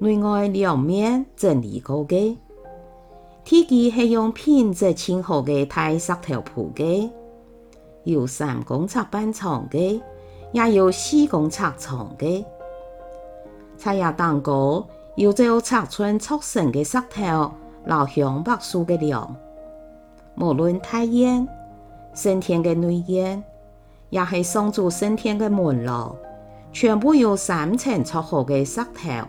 內外兩面整理過嘅，體積係用偏窄纖厚嘅大石頭鋪嘅，有三公尺半長嘅，也有四公尺長嘅。砌入糖果要就尺寸粗身嘅石頭，留響白樹嘅梁。無論太遠，升天嘅內遠，也係雙柱升天嘅門路，全部由三層粗厚嘅石頭。